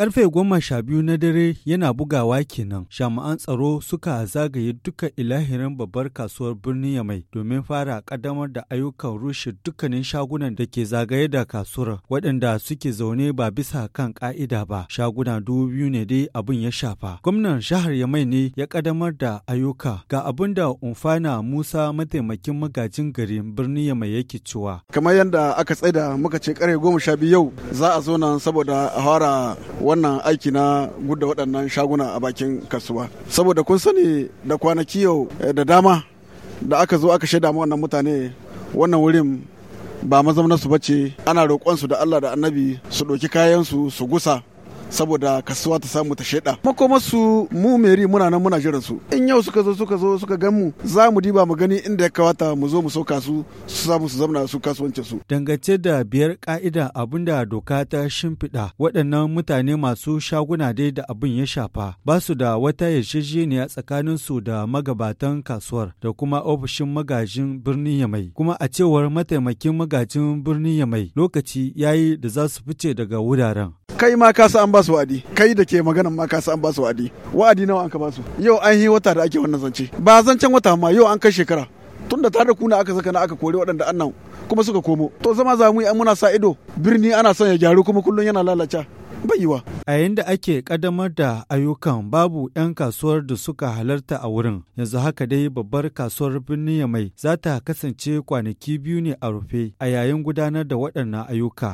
Karfe goma sha biyu na dare yana bugawa kenan, jami'an tsaro suka zagaye duka ilahirin babbar kasuwar birnin Yamai domin fara ƙaddamar da ayyukan rushe dukkanin shagunan da ke zagaye da kasuwar waɗanda suke zaune ba bisa kan ƙa'ida ba. Shaguna dubu biyu ne dai abin ya shafa. Gwamnan jihar Yamai ne ya kaddamar da ayyuka ga abin da Umfana Musa mataimakin magajin gari birnin Yamai yake cewa. Kamar yadda aka tsaida muka ce kare goma sha biyu yau za a zo nan saboda a fara wannan aiki na gudda waɗannan shaguna a bakin kasuwa saboda kun sani da kwanaki yau eh, da dama da aka zo aka shaida wannan mutane wannan wurin ba mazaunar ba ce ana roƙon su da Allah da Annabi su ɗauki kayansu su gusa saboda kasuwa ta samu ta shaida su mu meri muna nan muna jiran su in yau suka zo suka zo suka gan mu za mu diba mu gani inda ya kawata mu zo mu sauka su su samu su zamna su kasuwancin su dangance da biyar ka'ida abinda doka ta shimfiɗa waɗannan mutane masu shaguna dai da abin ya shafa ba su da wata yarjejeniya tsakanin su da magabatan kasuwar da kuma ofishin magajin birnin yamai kuma a cewar mataimakin magajin birnin yamai lokaci yayi da za su fice daga wuraren kai ma ka an ba su wa'adi kai da ke maganan ma ka an ba wa'adi wa'adi nawa an ka ba yau an yi wata da ake wannan zance ba zancen wata ma yau an kai shekara tunda ta da kuna aka saka na aka kore waɗanda annan kuma suka komo to zama za mu yi muna sa ido birni ana son ya gyaru kuma kullum yana lalaca baiwa. A yayin da ake kadamar da ayyukan babu 'yan kasuwar da suka halarta a wurin, yanzu haka dai babbar kasuwar birnin Yamai za ta kasance kwanaki biyu ne a rufe a yayin gudanar da waɗannan ayyuka.